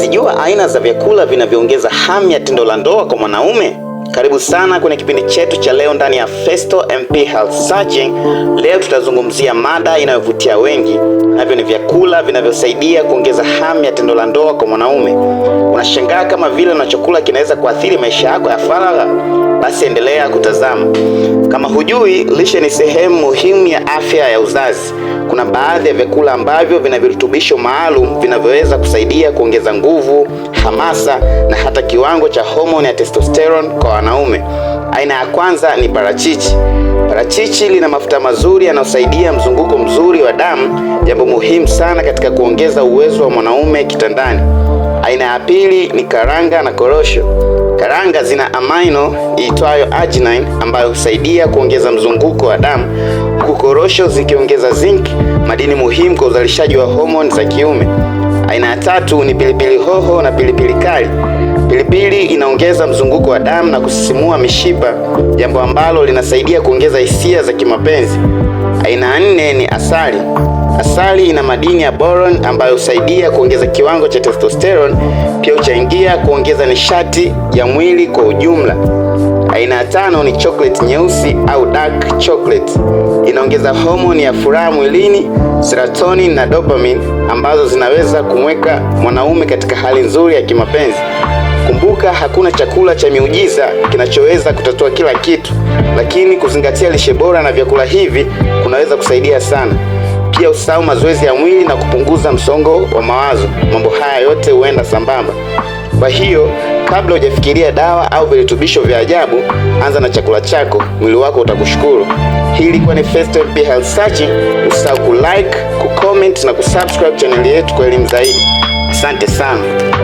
Unazijua aina za vyakula vinavyoongeza hamu ya tendo la ndoa kwa mwanaume? Karibu sana kwenye kipindi chetu cha leo ndani ya Festo MP Health Searching. Leo tutazungumzia mada inayovutia wengi, navyo ni vyakula vinavyosaidia kuongeza hamu ya tendo la ndoa kwa mwanaume. Unashangaa kama vile unachokula kinaweza kuathiri maisha yako ya faragha? Basi endelea kutazama. Kama hujui, lishe ni sehemu muhimu ya afya ya uzazi. Kuna baadhi ya vyakula ambavyo vina virutubisho maalum vinavyoweza kusaidia kuongeza nguvu, hamasa na hata kiwango cha homoni ya testosterone kwa wanaume. Aina ya kwanza ni parachichi. Parachichi lina mafuta mazuri yanayosaidia mzunguko mzuri wa damu, jambo muhimu sana katika kuongeza uwezo wa mwanaume kitandani. Aina ya pili ni karanga na korosho. Karanga zina amino iitwayo arginine ambayo husaidia kuongeza mzunguko wa damu, huku korosho zikiongeza zinc, madini muhimu kwa uzalishaji wa homoni za kiume. Aina ya tatu ni pilipili hoho na pilipili kali. Pilipili inaongeza mzunguko wa damu na kusisimua mishipa, jambo ambalo linasaidia kuongeza hisia za kimapenzi. Aina nne ni asali. Asali ina madini ya boron ambayo husaidia kuongeza kiwango cha testosterone, pia huchangia kuongeza nishati ya mwili kwa ujumla. Aina ya tano ni chocolate nyeusi au dark chocolate. Inaongeza homoni ya furaha mwilini, serotonin na dopamine ambazo zinaweza kumweka mwanaume katika hali nzuri ya kimapenzi. Kumbuka, hakuna chakula cha miujiza kinachoweza kutatua kila kitu, lakini kuzingatia lishe bora na vyakula hivi kunaweza kusaidia sana pia usahau mazoezi ya mwili na kupunguza msongo wa mawazo. Mambo haya yote huenda sambamba. Kwa hiyo kabla hujafikiria dawa au virutubisho vya ajabu, anza na chakula chako, mwili wako utakushukuru. Hii ilikuwa ni First MP Health Search. Usahau kulike, kucomment na kusubscribe chaneli yetu kwa elimu zaidi. Asante sana.